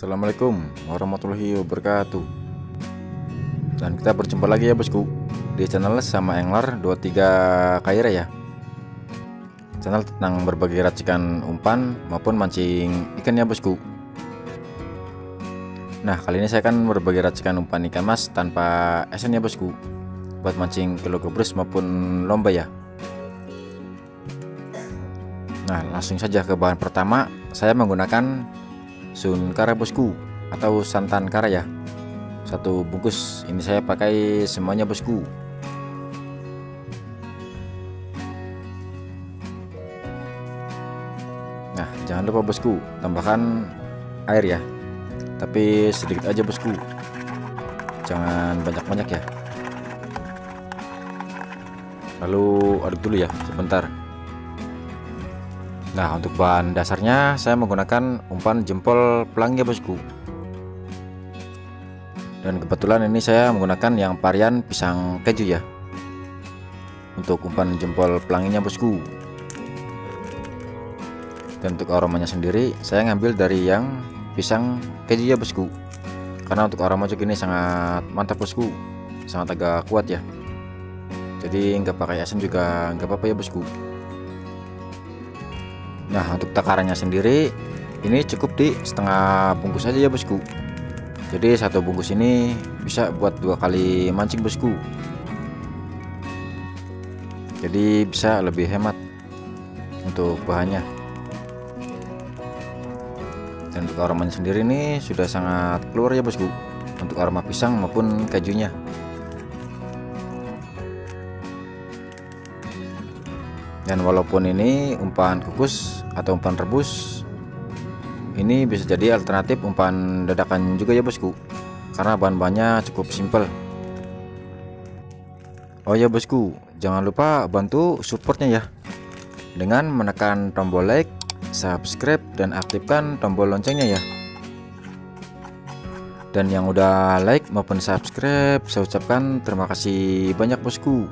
Assalamualaikum warahmatullahi wabarakatuh Dan kita berjumpa lagi ya bosku Di channel sama Englar 23 Kaira ya Channel tentang berbagai racikan umpan maupun mancing ikan ya bosku Nah kali ini saya akan berbagi racikan umpan ikan mas tanpa esen ya bosku Buat mancing logo gebrus maupun lomba ya Nah langsung saja ke bahan pertama Saya menggunakan Sunkara bosku atau santan kara ya satu bungkus ini saya pakai semuanya bosku nah jangan lupa bosku tambahkan air ya tapi sedikit aja bosku jangan banyak-banyak ya lalu aduk dulu ya sebentar Nah untuk bahan dasarnya saya menggunakan umpan jempol pelangi ya bosku Dan kebetulan ini saya menggunakan yang varian pisang keju ya Untuk umpan jempol pelanginya bosku Dan untuk aromanya sendiri saya ngambil dari yang pisang keju ya bosku Karena untuk aroma cuk ini sangat mantap bosku Sangat agak kuat ya jadi nggak pakai asin juga nggak apa-apa ya bosku nah untuk takarannya sendiri ini cukup di setengah bungkus aja ya bosku jadi satu bungkus ini bisa buat dua kali mancing bosku jadi bisa lebih hemat untuk bahannya dan untuk aromanya sendiri ini sudah sangat keluar ya bosku untuk aroma pisang maupun kejunya dan walaupun ini umpan kukus atau umpan rebus ini bisa jadi alternatif umpan dadakan juga ya bosku karena bahan-bahannya cukup simple oh ya bosku jangan lupa bantu supportnya ya dengan menekan tombol like subscribe dan aktifkan tombol loncengnya ya dan yang udah like maupun subscribe saya ucapkan terima kasih banyak bosku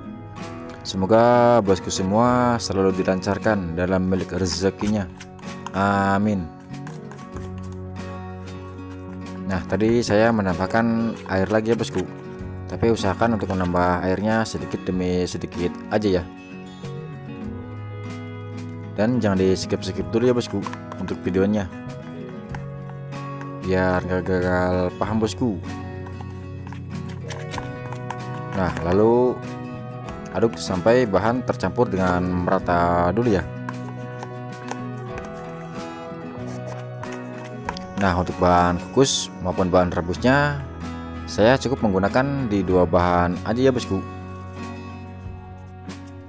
Semoga bosku semua selalu dilancarkan dalam milik rezekinya. Amin. Nah, tadi saya menambahkan air lagi ya, bosku. Tapi usahakan untuk menambah airnya sedikit demi sedikit aja ya. Dan jangan di skip-skip dulu ya, bosku, untuk videonya. Biar gak gagal paham, bosku. Nah, lalu aduk sampai bahan tercampur dengan merata dulu ya nah untuk bahan kukus maupun bahan rebusnya saya cukup menggunakan di dua bahan aja ya bosku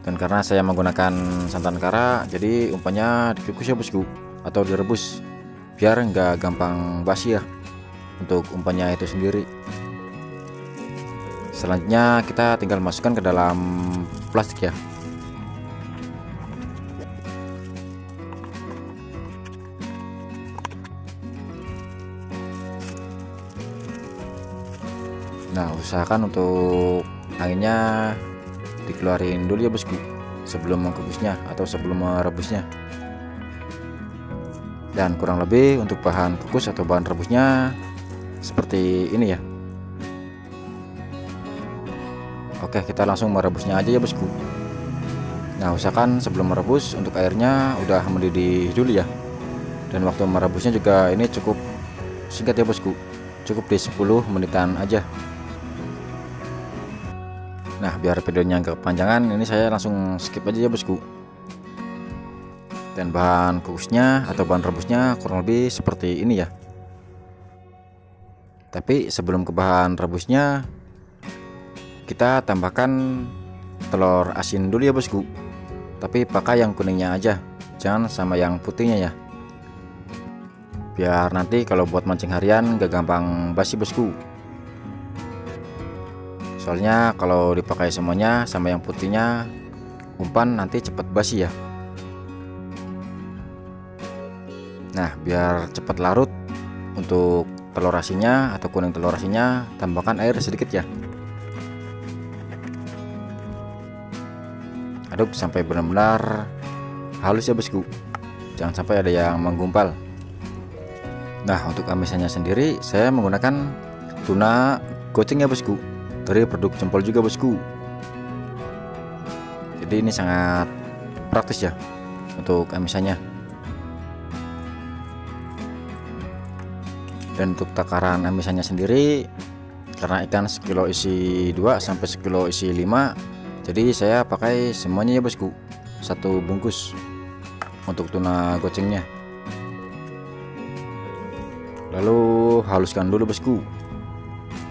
dan karena saya menggunakan santan kara jadi umpannya dikukus ya bosku atau direbus biar nggak gampang basi ya untuk umpannya itu sendiri selanjutnya kita tinggal masukkan ke dalam plastik ya nah usahakan untuk anginnya dikeluarin dulu ya bosku sebelum mengkubusnya atau sebelum merebusnya dan kurang lebih untuk bahan kukus atau bahan rebusnya seperti ini ya Oke kita langsung merebusnya aja ya bosku Nah usahakan sebelum merebus untuk airnya udah mendidih dulu ya Dan waktu merebusnya juga ini cukup singkat ya bosku Cukup di 10 menitan aja Nah biar videonya nggak kepanjangan ini saya langsung skip aja ya bosku Dan bahan kukusnya atau bahan rebusnya kurang lebih seperti ini ya Tapi sebelum ke bahan rebusnya kita tambahkan telur asin dulu ya bosku tapi pakai yang kuningnya aja jangan sama yang putihnya ya biar nanti kalau buat mancing harian gak gampang basi bosku soalnya kalau dipakai semuanya sama yang putihnya umpan nanti cepat basi ya nah biar cepat larut untuk telur asinnya atau kuning telur asinnya tambahkan air sedikit ya aduk sampai benar-benar halus ya bosku jangan sampai ada yang menggumpal nah untuk amisannya sendiri saya menggunakan tuna goceng ya bosku dari produk jempol juga bosku jadi ini sangat praktis ya untuk amisannya dan untuk takaran amisannya sendiri karena ikan sekilo isi 2 sampai sekilo isi 5 jadi saya pakai semuanya ya bosku satu bungkus untuk tuna gocengnya lalu haluskan dulu bosku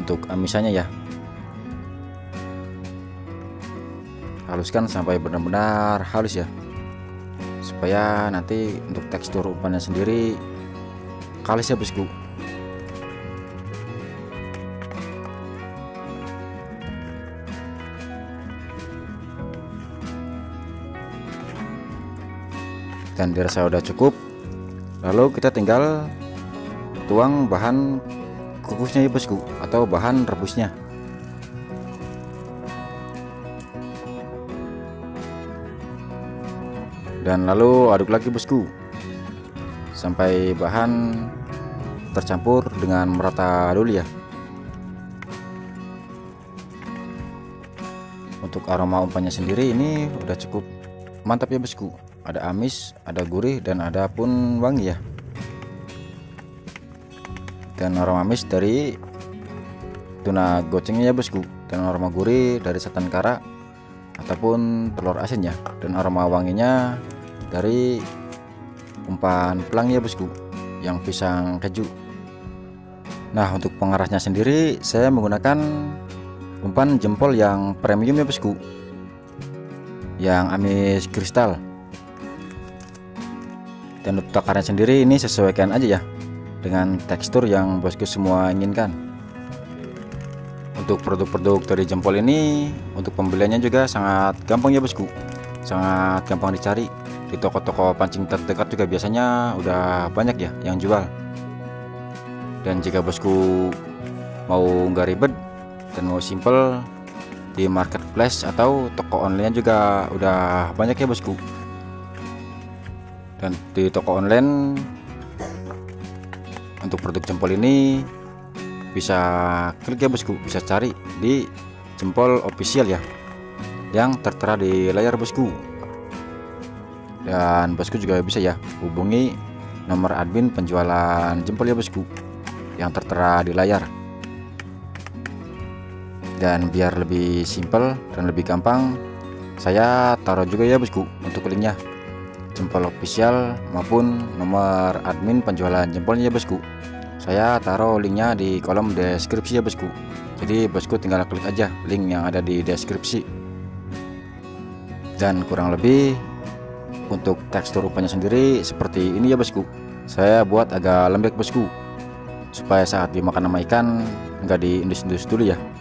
untuk amisannya ya haluskan sampai benar-benar halus ya supaya nanti untuk tekstur umpannya sendiri kalis ya bosku dan dirasa udah cukup lalu kita tinggal tuang bahan kukusnya ya bosku atau bahan rebusnya dan lalu aduk lagi bosku sampai bahan tercampur dengan merata dulu ya untuk aroma umpannya sendiri ini udah cukup mantap ya bosku ada amis, ada gurih dan ada pun wangi ya. Dan aroma amis dari tuna gocengnya ya bosku dan aroma gurih dari setan kara ataupun telur asin ya dan aroma wanginya dari umpan pelang ya bosku yang pisang keju nah untuk pengarasnya sendiri saya menggunakan umpan jempol yang premium ya bosku yang amis kristal dan untuk takarnya sendiri ini sesuaikan aja ya dengan tekstur yang bosku semua inginkan untuk produk-produk dari jempol ini untuk pembeliannya juga sangat gampang ya bosku sangat gampang dicari di toko-toko pancing terdekat juga biasanya udah banyak ya yang jual dan jika bosku mau nggak ribet dan mau simple di marketplace atau toko online juga udah banyak ya bosku dan di toko online untuk produk jempol ini bisa klik ya bosku bisa cari di jempol official ya yang tertera di layar bosku dan bosku juga bisa ya hubungi nomor admin penjualan jempol ya bosku yang tertera di layar dan biar lebih simpel dan lebih gampang saya taruh juga ya bosku untuk linknya jempol official maupun nomor admin penjualan jempolnya ya bosku saya taruh linknya di kolom deskripsi ya bosku jadi bosku tinggal klik aja link yang ada di deskripsi dan kurang lebih untuk tekstur rupanya sendiri seperti ini ya bosku saya buat agak lembek bosku supaya saat dimakan sama ikan nggak diindus-indus dulu ya